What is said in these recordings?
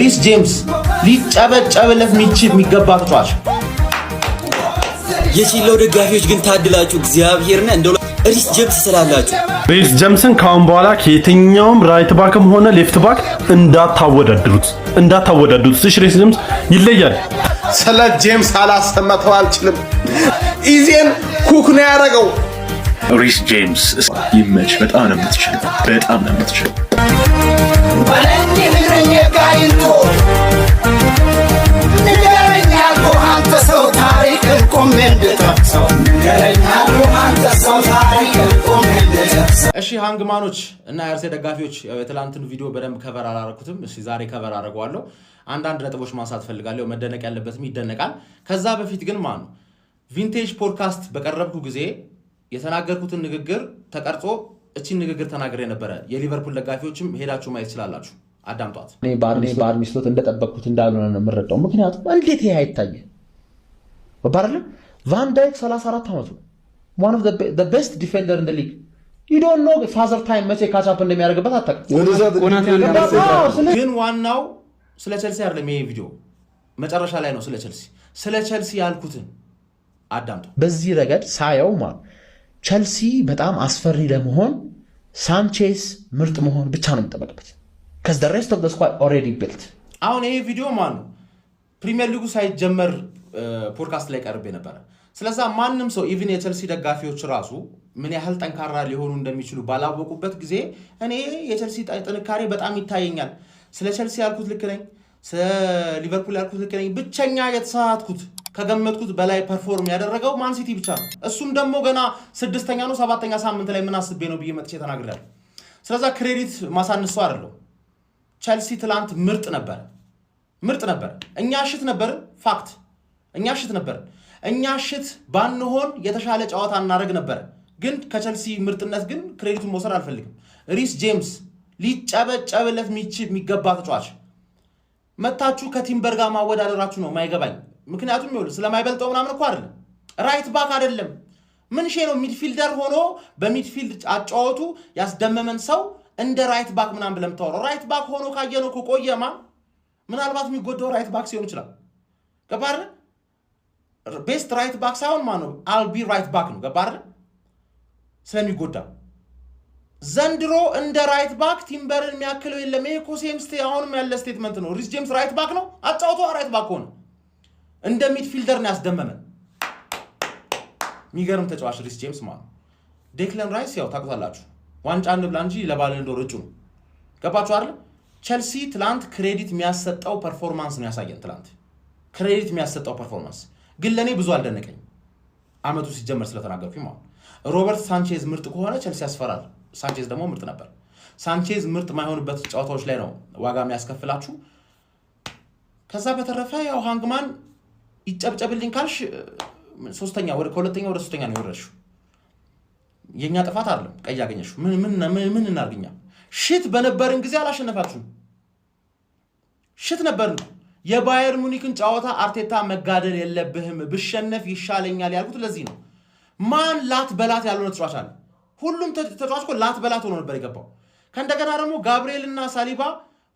ሪስ ጄምስ ሊጨበጨብለት የሚገባ ተጫዋች። የቺለው ደጋፊዎች ግን ታድላችሁ እግዚአብሔርና እንደ ሪስ ጄምስ ስላላችሁ። ሪስ ጄምስን ካሁን በኋላ ከየትኛውም ራይት ባክም ሆነ ሌፍት ባክ እንዳታወዳድሩት እንዳታወዳድሩት። እሺ ሪስ ጄምስ ይለያል። ስለ ጄምስ አላሰመተው አልችልም። ኢዜን ኩክ ነው ያደረገው። ሪስ ጄምስ ይመች። በጣም ነው የምትችል፣ በጣም ነው የምትችል። የጋይንቶ ሰው ታሪክ ቆሜ እሺ ሃንግማኖች እና የአርሴ ደጋፊዎች የትላንትን ቪዲዮ በደንብ ከቨር አላረኩትም። እ ዛሬ ከቨር አደረገዋለሁ። አንዳንድ ነጥቦች ማንሳት ፈልጋለሁ። መደነቅ ያለበትም ይደነቃል። ከዛ በፊት ግን ማኑ ቪንቴጅ ፖድካስት በቀረብኩ ጊዜ የተናገርኩትን ንግግር ተቀርጾ እቺን ንግግር ተናግሬ ነበረ። የሊቨርፑል ደጋፊዎችም ሄዳችሁ ማየት ትችላላችሁ። አዳምጧት። በአርሚ ስሎት እንደጠበቅኩት እንዳልሆነ ነው የምረዳው። ምክንያቱም እንዴት ይሄ አይታየ ባለ ቫን ዳይክ 34 ዓመቱ ዋን ኦፍ ቤስት ዲፌንደር እንደ ሊግ ይዶን ኖ ፋዘር ታይም መቼ ካቻፕ እንደሚያደርግበት አታውቅም። ግን ዋናው ስለ ቸልሲ አይደለም ይሄ ቪዲዮ መጨረሻ ላይ ነው ስለ ቸልሲ ስለ ቸልሲ ያልኩትን አዳምጠው። በዚህ ረገድ ሳየው ቸልሲ በጣም አስፈሪ ለመሆን ሳንቼስ ምርጥ መሆን ብቻ ነው የሚጠበቅበት። because the rest of the squad already built። አሁን ይሄ ቪዲዮ ማን ነው ፕሪሚየር ሊጉ ሳይጀመር ፖድካስት ላይ ቀርቤ ነበረ። ስለዛ ማንም ሰው ኢቭን የቸልሲ ደጋፊዎች ራሱ ምን ያህል ጠንካራ ሊሆኑ እንደሚችሉ ባላወቁበት ጊዜ እኔ የቸልሲ ጥንካሬ በጣም ይታየኛል። ስለ ቸልሲ ያልኩት ልክ ነኝ፣ ስለ ሊቨርፑል ያልኩት ልክ ነኝ። ብቸኛ የተሳትኩት ከገመትኩት በላይ ፐርፎርም ያደረገው ማንሲቲ ብቻ ነው። እሱም ደግሞ ገና ስድስተኛ ነው ሰባተኛ ሳምንት ላይ ምን አስቤ ነው ብዬ መጥቼ ተናግሬያለሁ። ስለዛ ክሬዲት ማሳነስ ሰው አይደለሁም ቸልሲ ትላንት ምርጥ ነበር፣ ምርጥ ነበር። እኛ ሽት ነበርን። ፋክት እኛ ሽት ነበርን። እኛ ሽት ባንሆን የተሻለ ጨዋታ እናደርግ ነበር። ግን ከቸልሲ ምርጥነት ግን ክሬዲቱን መውሰድ አልፈልግም። ሪስ ጄምስ ሊጨበጨብለት የሚገባ ተጫዋች መታችሁ ከቲምበር ጋር ማወዳደራችሁ ነው ማይገባኝ። ምክንያቱም ይኸውልህ ስለማይበልጠው ምናምን እኮ አይደለም፣ ራይት ባክ አይደለም ምን ሼ ነው ሚድፊልደር ሆኖ በሚድፊልድ አጫወቱ ያስደመመን ሰው እንደ ራይት ባክ ምናምን ብለን የምታወራው ራይት ባክ ሆኖ ካየነው ከቆየማ ምናልባት የሚጎዳው ራይት ባክ ሲሆን ይችላል። ገባህ አይደል? ቤስት ራይት ባክ ሳይሆን ማነው አልቢ ራይት ባክ ነው። ገባህ አይደል? ስለሚጎዳ ዘንድሮ እንደ ራይት ባክ ቲምበርን የሚያክለው የለም። ይሄ እኮ ሴም ስቴ አሁንም ያለ ስቴትመንት ነው። ሪስ ጄምስ ራይት ባክ ነው አጫውቶ ራይት ባክ ሆነ እንደ ሚድፊልደር ነው ያስደመመን። የሚገርም ተጫዋች ሪስ ጄምስ ማለት ነው። ዴክለን ራይስ ያው ታውቁታላችሁ ዋንጫ እንብላ እንጂ ለባለንዶር እጩ ነው። ገባችሁ አይደል? ቸልሲ ትላንት ክሬዲት የሚያሰጠው ፐርፎርማንስ ነው ያሳየን። ትላንት ክሬዲት የሚያሰጠው ፐርፎርማንስ ግን ለእኔ ብዙ አልደነቀኝ፣ አመቱ ሲጀመር ስለተናገርኩኝ ማለት ሮበርት ሳንቼዝ ምርጥ ከሆነ ቸልሲ ያስፈራል። ሳንቼዝ ደግሞ ምርጥ ነበር። ሳንቼዝ ምርጥ ማይሆንበት ጨዋታዎች ላይ ነው ዋጋ የሚያስከፍላችሁ። ከዛ በተረፈ ያው ሃንግማን ይጨብጨብልኝ ካልሽ ሶስተኛ ከሁለተኛ ወደ ሶስተኛ ነው የወረድሽው የእኛ ጥፋት አይደለም። ቀይ ያገኘሽ ምን ምን ምን እናርግኛ? ሽት በነበርን ጊዜ አላሸነፋችሁም። ሽት ነበርን። የባየር ሙኒክን ጨዋታ አርቴታ መጋደል የለብህም ብሸነፍ ይሻለኛል ያልኩት ለዚህ ነው። ማን ላት በላት ያልሆነ ተጫዋች አለ? ሁሉም ተጫዋች ላት በላት ሆኖ ነበር የገባው። ከእንደገና ደግሞ ጋብርኤልና ሳሊባ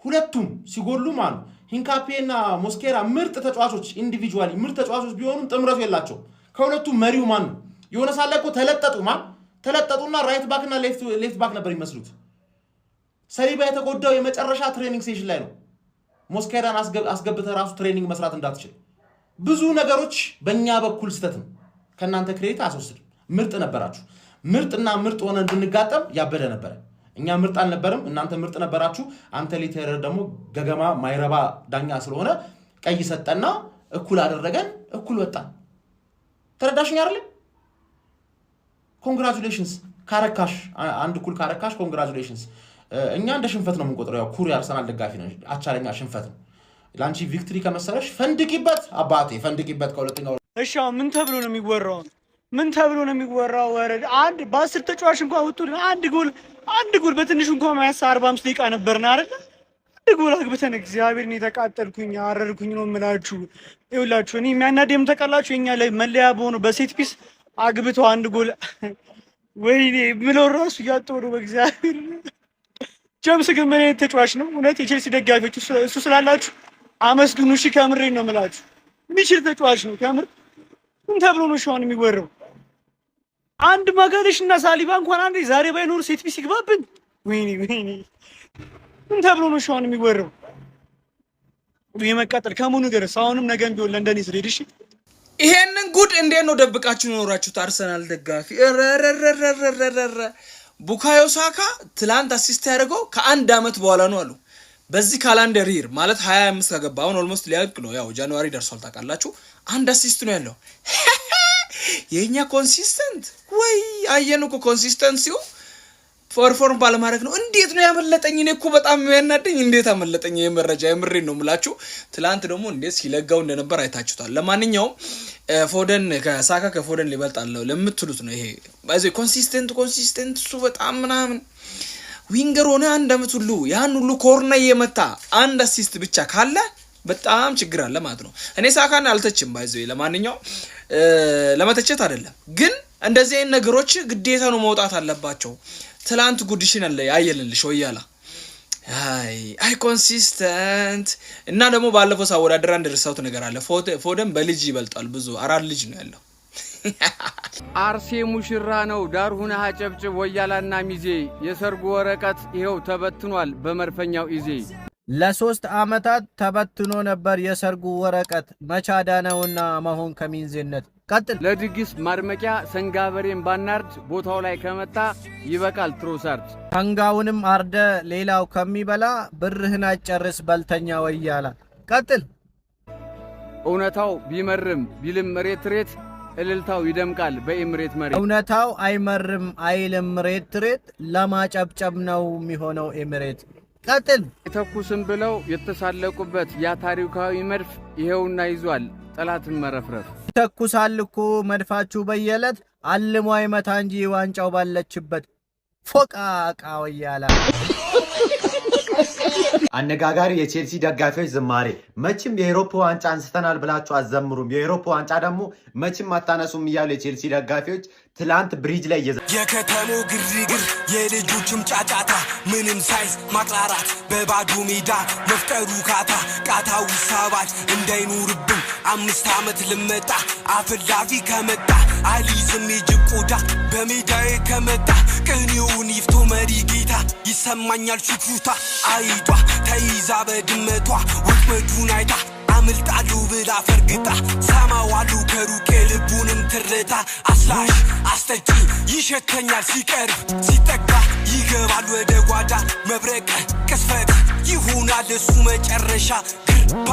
ሁለቱም ሲጎሉ ማን ሂንካፔና ሞስኬራ ምርጥ ተጫዋቾች ኢንዲቪጁዋሊ ምርጥ ተጫዋቾች ቢሆኑም ጥምረቱ የላቸው። ከሁለቱም መሪው ማን ነው? የሆነ ሳለ እኮ ተለጠጡ ማን ተለጠጡና ራይት ባክና ሌፍት ባክ ነበር የሚመስሉት። ሰሊባ የተጎዳው የመጨረሻ ትሬኒንግ ሴሽን ላይ ነው። ሞስኬራን አስገብተ ራሱ ትሬኒንግ መስራት እንዳትችል ብዙ ነገሮች በእኛ በኩል ስተት ነው። ከእናንተ ክሬዲት አስወስድም። ምርጥ ነበራችሁ። ምርጥና ምርጥ ሆነ እንድንጋጠም ያበደ ነበረ። እኛ ምርጥ አልነበርም፣ እናንተ ምርጥ ነበራችሁ። አንተ ሌተር ደግሞ ገገማ ማይረባ ዳኛ ስለሆነ ቀይ ሰጠና እኩል አደረገን፣ እኩል ወጣን። ተረዳሽኝ አይደለም? ኮንግራቹሌሽንስ ካረካሽ አንድ እኩል ካረካሽ ኮንግራቹሌሽንስ። እኛ እንደ ሽንፈት ነው የምንቆጥረው። ያው ኩሪ አርሰናል ደጋፊ ነው። አቻለኛ ሽንፈት ነው ለአንቺ ቪክትሪ ከመሰለሽ ፈንድቂበት አባቴ ፈንድቂበት። ከሁለተኛው እሺ፣ ምን ተብሎ ነው የሚወራው? ምን ተብሎ ነው የሚወራው? ወረድ አንድ በአስር ተጫዋች እንኳ ውጡ አንድ ጎል አንድ ጎል በትንሹ እንኳ ማያሳ አርባ አምስት ደቂቃ ነበርና አይደለ? አንድ ጎል አግብተን እግዚአብሔርን የተቃጠልኩኝ አረርኩኝ ነው የምላችሁ። ይውላችሁ እኔ የሚያናደም ተቀላችሁ የኛ ላይ መለያ በሆኑ በሴት ፒስ አግብቶ አንድ ጎል ወይኔ የምለው ራሱ እያጠው ነው። በእግዚአብሔር ጀምስ ግን ምን አይነት ተጫዋች ነው? እውነት የቼልሲ ደጋፊዎች እሱ ስላላችሁ አመስግኑ። እሺ ከምሬን ነው የምላችሁ። የሚችል ተጫዋች ነው ከምር። ምን ተብሎ ነው ሻውን የሚወረው? አንድ ማጋሌሽ እና ሳሊባ እንኳን አንዴ ዛሬ ባይኖር ሴት ቢስ ይግባብን። ወይኔ ወይኔ፣ ምን ተብሎ ነው አሁን የሚወራው? የመቀጠል ከመሆኑ ገረስ አሁንም ነገም ቢሆን ለንደን ይዝሬድ እሺ ይሄንን ጉድ እንዴት ነው ደብቃችሁ ኖራችሁት? አርሰናል ደጋፊ ቡካዮ ሳካ ትላንት አሲስት ያደርገው ከአንድ አመት በኋላ ነው አሉ። በዚህ ካላንደር ይር ማለት 25 ከገባ አሁን ኦልሞስት ሊያልቅ ነው። ያው ጃንዋሪ ደርሷል ታውቃላችሁ። አንድ አሲስት ነው ያለው የእኛ ኮንሲስተንት ወይ አየን እኮ ኮንሲስተንሲው ፎርፎርም ባለማድረግ ነው። እንዴት ነው ያመለጠኝ? እኔ እኮ በጣም የሚያናደኝ እንዴት አመለጠኝ ይህ መረጃ። የምሬን ነው ምላችሁ። ትላንት ደግሞ እንዴት ሲለጋው እንደነበር አይታችሁታል። ለማንኛውም ፎደን ከሳካ ከፎደን ሊበልጥ አለው ለምትሉት ነው ይሄ ባይዘ ኮንሲስተንት ኮንሲስተንት እሱ በጣም ምናምን ዊንገር ሆነ አንድ አመት ሁሉ ያን ሁሉ ኮርና እየመታ አንድ አሲስት ብቻ ካለ በጣም ችግር አለ ማለት ነው። እኔ ሳካን አልተችም ባይዘ ለማንኛውም ለመተቸት አይደለም ግን እንደዚህ አይነት ነገሮች ግዴታ ነው መውጣት አለባቸው። ትላንት ጉድሽን አለ አየልልሽ ወያላ አይ ኮንሲስተንት እና ደግሞ ባለፈው ሳወዳደር አንድ ርሳውት ነገር አለ። ፎደን በልጅ ይበልጣል ብዙ አራት ልጅ ነው ያለው። አርሴ ሙሽራ ነው ዳር ሁነ አጨብጭብ ወያላና ሚዜ የሰርጉ ወረቀት ይኸው ተበትኗል በመድፈኛው ኢዜ ለሶስት ዓመታት ተበትኖ ነበር የሰርጉ ወረቀት መቻዳነውና መሆን ከሚንዜነት ቀጥል ለድግስ ማድመቂያ ሰንጋበሬን ባናርድ ቦታው ላይ ከመጣ ይበቃል ትሮሳርድ ሰንጋውንም አርደ ሌላው ከሚበላ ብርህን አጨርስ በልተኛ ወያላ ቀጥል እውነታው ቢመርም ቢልም ሬት ሬት እልልታው ይደምቃል በኢምሬት መሬት እውነታው አይመርም አይልም ሬት ሬት ለማጨብጨብ ነው የሚሆነው ኤምሬት ቀጥል ተኩስም ብለው የተሳለቁበት ያ ታሪካዊ መድፍ ይኸውና ይዟል። ጠላትን መረፍረፍ ይተኩሳል እኮ መድፋችሁ በየዕለት አልሞ አይመታ እንጂ ዋንጫው ባለችበት ፎቃቃ ወያላ አነጋጋሪ የቼልሲ ደጋፊዎች ዝማሬ። መቼም የኤሮፓ ዋንጫ አንስተናል ብላችሁ አዘምሩም፣ የኤሮፓ ዋንጫ ደግሞ መቼም አታነሱም እያሉ የቼልሲ ደጋፊዎች ትላንት ብሪጅ ላይ እየዘ የከተማው ግርግር የልጆችም ጫጫታ ምንም ሳይዝ ማቅራራት በባዶ ሜዳ መፍጠሩ ካታ ቃታ ውሳባት እንዳይኖርብን አምስት ዓመት ልመጣ አፍላፊ ከመጣ አሊዝም የጅብ በሜዳዬ ከመጣ ቅኔውን ይፍቶ መሪጌ እልልታ ይሰማኛል ሽኩታ አይጧ ተይዛ በድመቷ ወጥመዱን አይታ አምልጣሉ ብላ ፈርግጣ ሰማዋሉ ከሩቅ የልቡንም ትርታ አስላሽ አስጠጪ ይሸተኛል ሲቀርብ ሲጠጋ ይገባል ወደ ጓዳ መብረቅ ቅስፈት ይሆናል እሱ መጨረሻ ግርባ